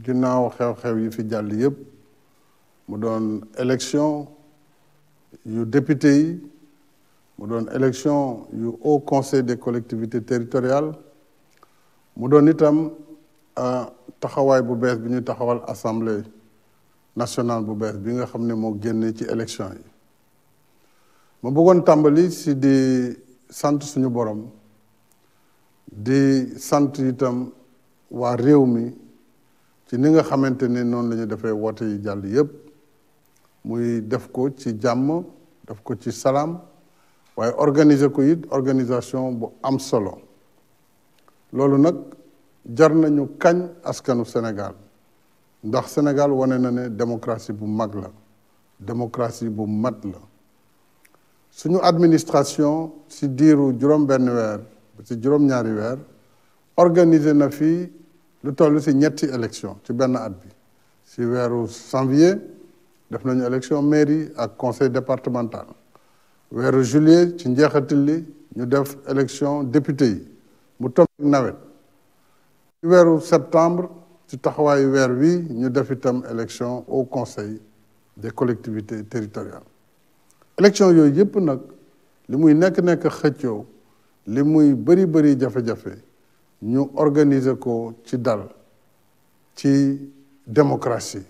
ginnaaw xew-xew yi fi jàll yëpp mu doon élection yu député yi mu doon élection yu au conseil des collectivités territoriales mu doon itam euh, taxawaay bu bees bi ñuy taxawal assemblée nationale bu bees bi nga xam ne moo génnee ci élection yi ma bëggoon tàmbali si di sant suñu borom di sant itam waa réew mi ci ni nga xamante ne noonu la ñu defee woote yi jàll yëpp muy def ko ci jàmm def ko ci salaam waaye organiser ko it organisation bu am solo loolu nag jar nañu kañ askanu senegal ndax Sénégal wane na ne démocratie bu mag la démocratie bu mat la suñu administration si diiru juróom benn weer ci juróom ñaari weer organiser na fii lu toll si ñetti élection ci benn at bi si weeru janvier def nañu élection mairie ak conseil départemental weeru juillet ci njeexital li ñu def élection député yi mu tombe nawet weeru septembre ci taxawaayu weer wi ñu def itam élection au conseil des collectivités territoriales élection yooyu yëpp nag li muy nekk-nekk xëccoo li muy bëri bëri jafe-jafe ñu organiser ko ci dal ci démocratie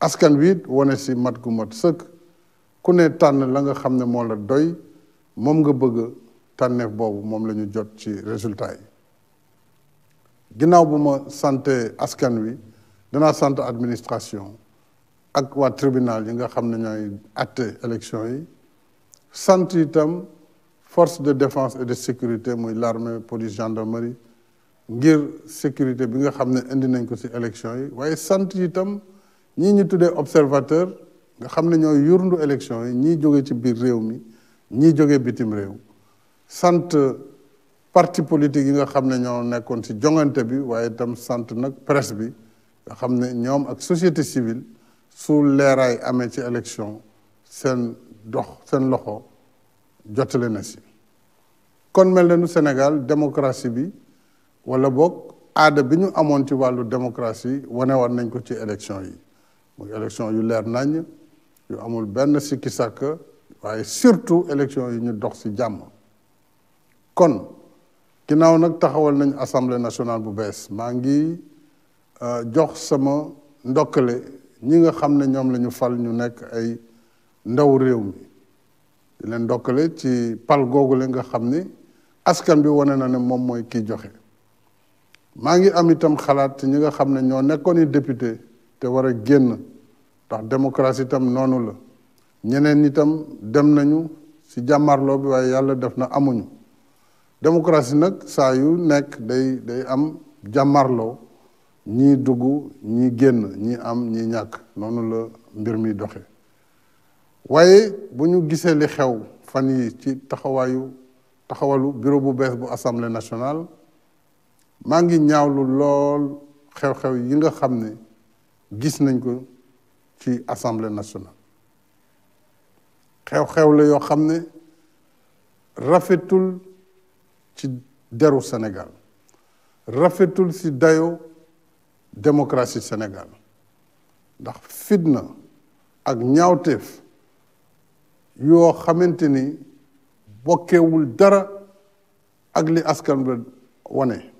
askan wi it wane si mat gu mat sëkk ku ne tànn la nga xam ne moo la doy moom nga bëgg tànneef boobu moom la ñu jot ci résultat yi ginnaaw bu ma santé askan wi danaa sant administration ak waa tribunal yi nga xam ne ñooy atte élection yi sant itam force de défense et de sécurité muy l'armée police gendarmerie ngir sécurité bi nga xam ne indi nañ ko ci élection yi waaye sant itam ñi ñu tuddee observateur nga xam ne ñooy yurndu élection yi ñii jóge ci biir réew mi ñi jóge bitim réew sant parti politique yi nga xam ne ñoo nekkoon ci jongante bi waaye itam sant nag presse bi nga ne ñoom ak société civile su leeraay amee ci élection seen dox seen loxo jotale na si kon mel na nu Sénégal démocratie bi wala boog aada bi ñu amoon ci wàllu démocratie wane woon nañ ko ci élection yi muy élection yu leer nañ yu amul benn sikki sàkk waaye surtout élection yi ñu dox ci jàmm kon ginnaaw nag taxawal nañ assemblée nationale bu bees maa ngi euh, jox sama ndokkale ñi nga xam ne ñoom la ñu fal ñu nekk ay ndaw réew mi di leen ndokkale ci pal googu la nga xam ni askan bi wane na ne moom mooy kiy joxe maa ngi am itam xalaat ci ñi nga xam ne ñoo nekkoon i député te war a génn ndax démocratie itam noonu la ñeneen itam dem nañu si jàmmarloo bi waaye yàlla def na amuñu démocratie nag saa yu nekk day day am jàmmarloo ñi dugg ñi génn ñii am ñii ñàkk noonu la mbir mi doxe waaye bu ñu gisee li xew fan yi ci taxawaayu taxawalu bureau bu bees bu assemblée nationale maa ngi ñaawlu lool xew-xew yi nga xam ne gis nañ ko ci assemblée nationale xew-xew la yoo xam ne rafetul ci deru Sénégal rafetul ci dayo démocratie Sénégal ndax na ak ñaawteef yoo xamante ni bokkewul dara ak li askan bi wane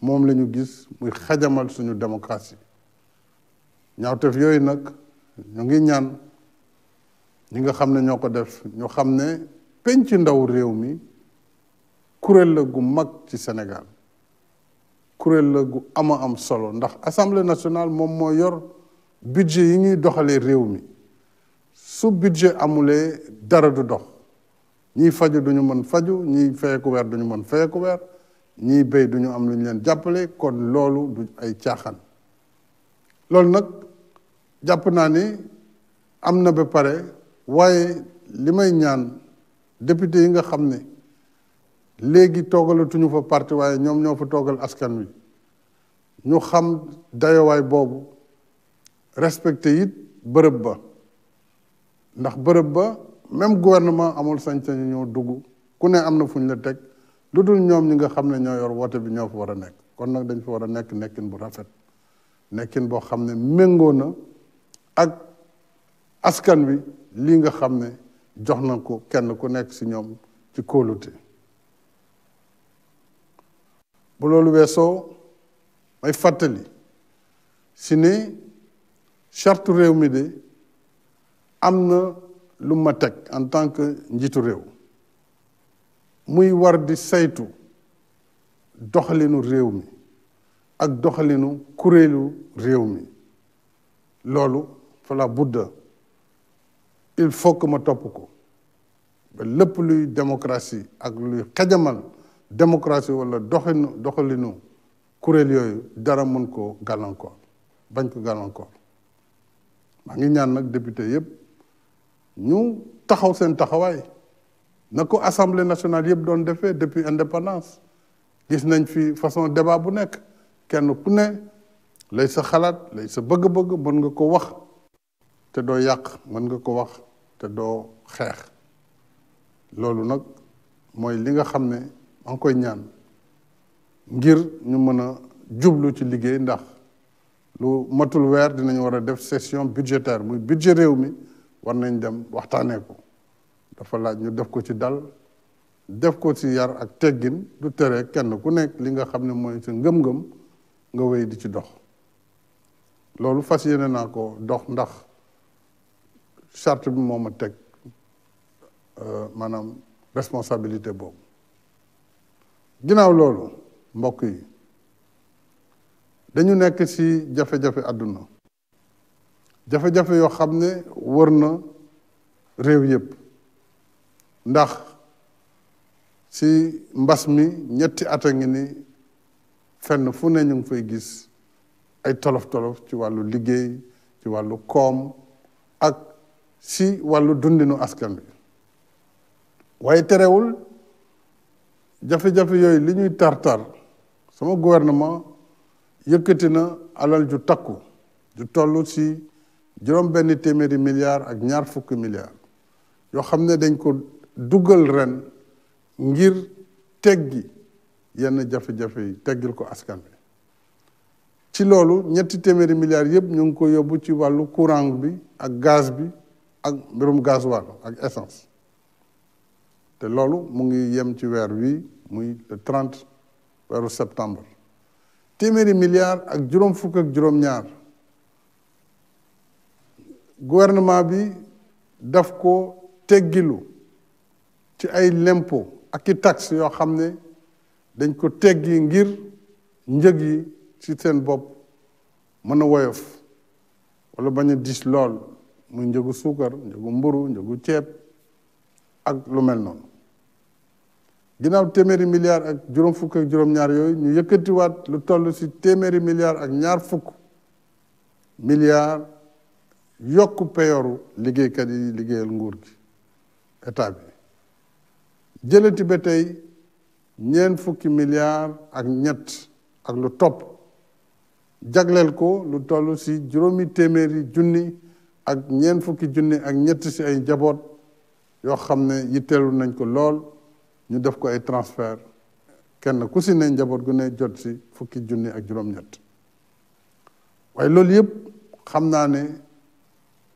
moom la ñu gis muy xajamal suñu démocratie ñaawteef yooyu nag ñu ngi ñaan ñi nga xam ne ñoo ko def ñu xam ne penc ndaw réew mi kuréel la gu mag ci senegal kuréel la gu ama am solo ndax assemblée nationale moom moo yor budget yi ñuy doxalee réew mi su budget amulee dara du dox ñiy faju duñu mën faju ñiy fayeku weer duñu mën fayeku weer ñi béy du ñu am lu ñu leen jàppale kon loolu du ay caaxaan loolu nag jàpp naa ni am na ba pare waaye li may ñaan député yi nga xam ne léegi toogalatuñu fa parti waaye ñoom ñoo fa toogal askan wi ñu xam dayowaay boobu respecté it bërëb ba ndax bërëb ba même gouvernement amul sañ-sañu ñoo dugg ku ne am na fu ñu la teg lu dul ñoom ñi nga xam ne ñoo yor woote bi ñoo fa war a nekk kon nag dañ fa war a nekk nekkin bu rafet nekkin boo xam ne méngoo na ak askan wi lii nga xam ne jox na ko kenn ku nekk si ñoom ci kóolute bu loolu weesoo may fàttali si ne charte réew mi de am na lu ma teg en tant que njiitu réew muy war di saytu doxalinu réew mi ak doxalinu kuréelu réew mi loolu fala budda il faut que ma topp ko ba lépp luy démocratie ak luy xajamal démocratie wala doxinu doxalinu kuréel yooyu dara mën ko gàllankoor bañ ko gàllankoor maa ngi ñaan nag député yépp ñu taxaw seen taxawaay na ko assemblée nationale yëpp doon defee depuis indépendance gis nañ fi façon débat bu nekk kenn ku ne lay sa xalaat lay sa bëgg-bëgg mën nga ko wax te doo yàq mën nga ko wax te doo xeex loolu nag mooy li nga xam ne maa ngi koy ñaan ngir ñu mën a jublu ci liggéey ndax lu matul weer dinañ war a def session budgétaire muy budget réew mi war nañ dem waxtaanee ko dafa laaj ñu def ko ci dal def ko ci yar ak teggin du tere kenn ku nekk li nga xam ne mooy sa ngëm-ngëm nga wéy di ci dox loolu fas yéene naa ko dox ndax charte bi moom a teg euh, maanaam responsabilité boobu ginnaaw loolu mbokk yi dañu nekk ci jafe-jafe àdduna jafe-jafe yoo xam ne wër na réew yëpp ndax ci mbas mi ñetti at a ngi ni fenn fu ne ñu ngi fay gis ay tolof-tolof ci wàllu liggéey ci wàllu koom ak ci wàllu dundinu askan bi waaye terewul jafe-jafe yooyu li ñuy tar-tar sama gouvernement yëkkati na alal ju takku ju toll ci juróom benn téeméeri milliards ak ñaar fukki milliards yoo xam ne dañ ko dugal ren ngir teggi yenn jafe-jafe yi teggil ko askan bi ci loolu ñetti téeméeri milliards yëpp ñu ngi ko yóbbu ci wàllu courant bi ak gaz bi ak mbirum gasoil ak essence te loolu mu ngi yem ci weer wi muy le trente weeru septembre téeméeri milliards ak juróom fukk ak juróom-ñaar gouvernement bi daf ko teggilu ci ay lempo ak i taxe yoo xam ne dañ ko teggi ngir njëg yi ci seen bopp mën a woyof walla bañ a dis lool muy njëgu suukar njëgu mburu njëgu ceeb ak lu mel noonu ginaaw téeméeri milliards ak juróom fukk ak juróom-ñaar yooyu ñu yëkkatiwaat lu toll ci téeméeri milliards ak ñaar fukk milliards yokk peyoru liggéeykat yi liggéeyal nguur gi état bi jëlati ba tey ñeent fukki milliards ak ñett ak lu topp jagleel ko lu toll si juróomi téeméeri junni ak ñeent fukki junni ak ñett si ay njaboot yoo xam ne yitteelu nañ ko lool ñu def ko ay transfert kenn ku si ne njaboot gu ne jot si fukki junni ak juróom-ñett waaye loolu yëpp xam naa ne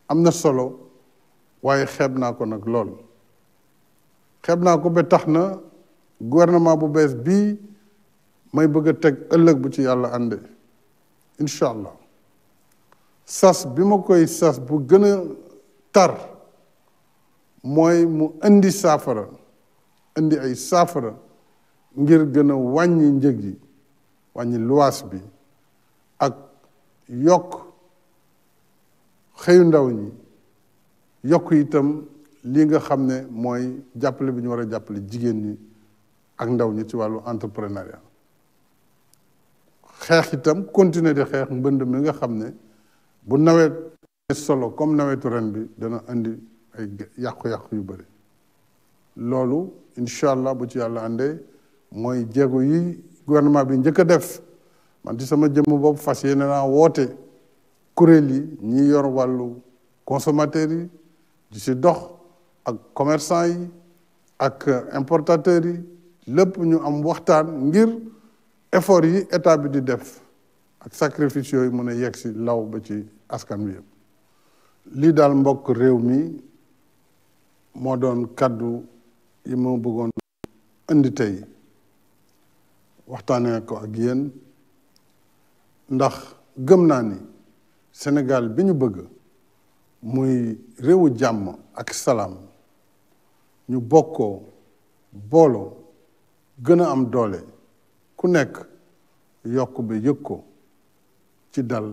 am na solo waaye xeeb naa ko nag lool xeeb naa ko ba tax na gouvernement bu bees bii may bëgg a teg ëllëg bu ci yàlla ànde incha allah sas bi ma koy sas bu gën a tar mooy mu indi saafara indi ay saafara ngir gëna wàññi njëg yi wàññi luwaas bi ak yokk xëyu ndaw ñi yokk itam lii nga xam ne mooy jàppale bi ñu war a jàppale jigéen ñi ak ndaw ñi ci wàllu entrepreneuriat xeex itam continuer di xeex mbënd mi nga xam ne bu nawet solo comme nawetu ren bi dana indi ay yàqu-yàqu yu bëri loolu incha allah bu ci yàlla àndee mooy jéego yi gouvernement bi njëkk a def man ci sama jëmm boobu fas yéene naa woote kuréel yi ñi yor wàllu consommateur yi di si dox ak commerçant yi ak importateurs yi lépp ñu am waxtaan ngir effort yi état bi di def ak sacrifice yooyu mën a yegg si law ba ci askan wi yëpp daal mbokk réew mi moo doon kàddu yi moo bëggoon indi tey waxtaanee ko ak yéen ndax gëm naa ni Sénégal bi ñu bëgg muy réewu jàmm ak salaam ñu bokkoo booloo gën a am doole ku nekk yokk ba yëg ko ci dal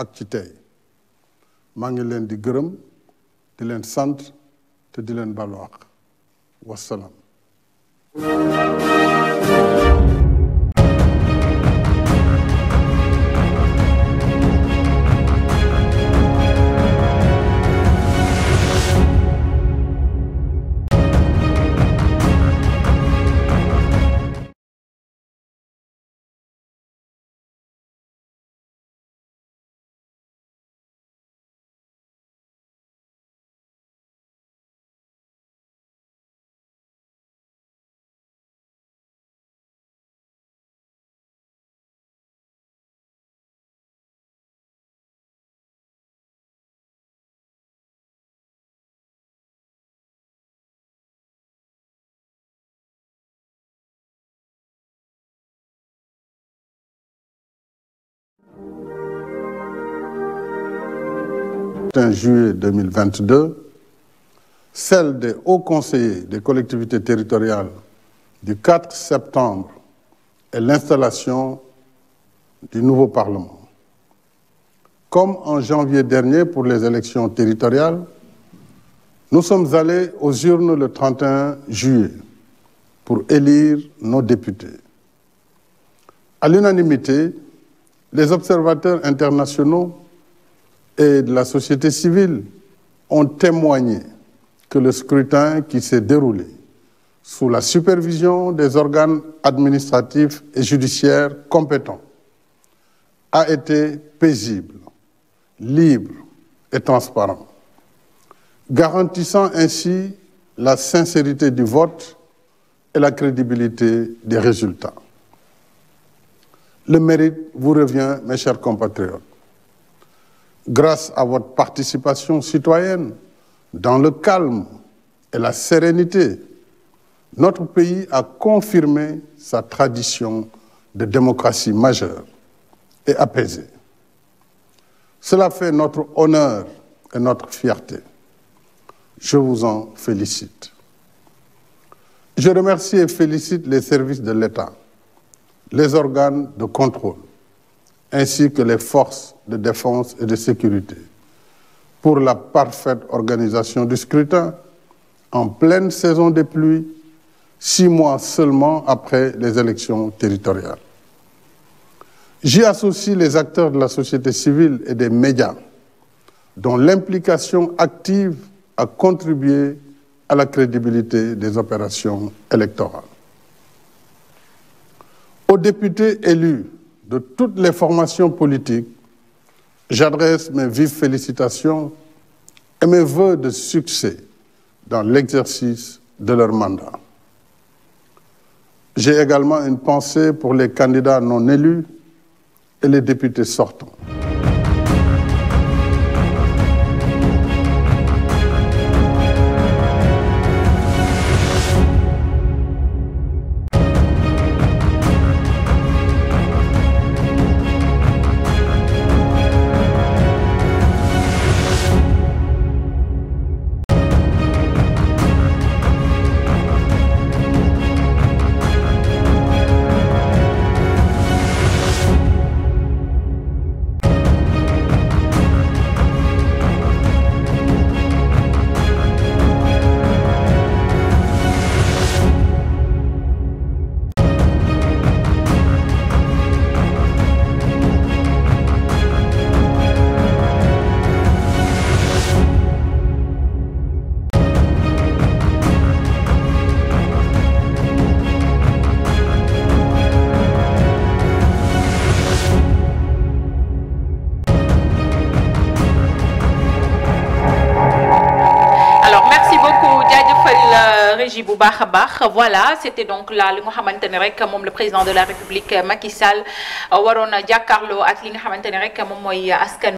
ak ci tey maa ngi leen di gërëm di leen sant te di leen balwaax wassalaam En juillet 2022, celle des hauts conseillers des collectivités territoriales du 4 septembre et l'installation du nouveau Parlement. Comme en janvier dernier pour les élections territoriales, nous sommes allés aux urnes le 31 juillet pour élire nos députés. À l'unanimité, les observateurs internationaux et de la société civile ont témoigné que le scrutin qui s'est déroulé sous la supervision des organes administratifs et judiciaires compétents a été paisible, libre et transparent, garantissant ainsi la sincérité du vote et la crédibilité des résultats. Le mérite vous revient, mes chers compatriotes. Grâce à votre participation citoyenne, dans le calme et la sérénité, notre pays a confirmé sa tradition de démocratie majeure et apaisée. Cela fait notre honneur et notre fierté. Je vous en félicite. Je remercie et félicite les services de l'État les organes de contrôle, ainsi que les forces de défense et de sécurité, pour la parfaite organisation du scrutin en pleine saison des pluies, six mois seulement après les élections territoriales. J'y associe les acteurs de la société civile et des médias, dont l'implication active a contribué à la crédibilité des opérations électorales. Aux députés élus de toutes les formations politiques, j'adresse mes vives félicitations et mes voeux de succès dans l'exercice de leur mandat. J'ai également une pensée pour les candidats non élus et les députés sortants. énergie bu baax a baax voilà c'était donc là li nga xamante ne rek moom le président de la république Macky Sall waroon jàkkaarloo ak li nga xamante ne rek moom mooy askan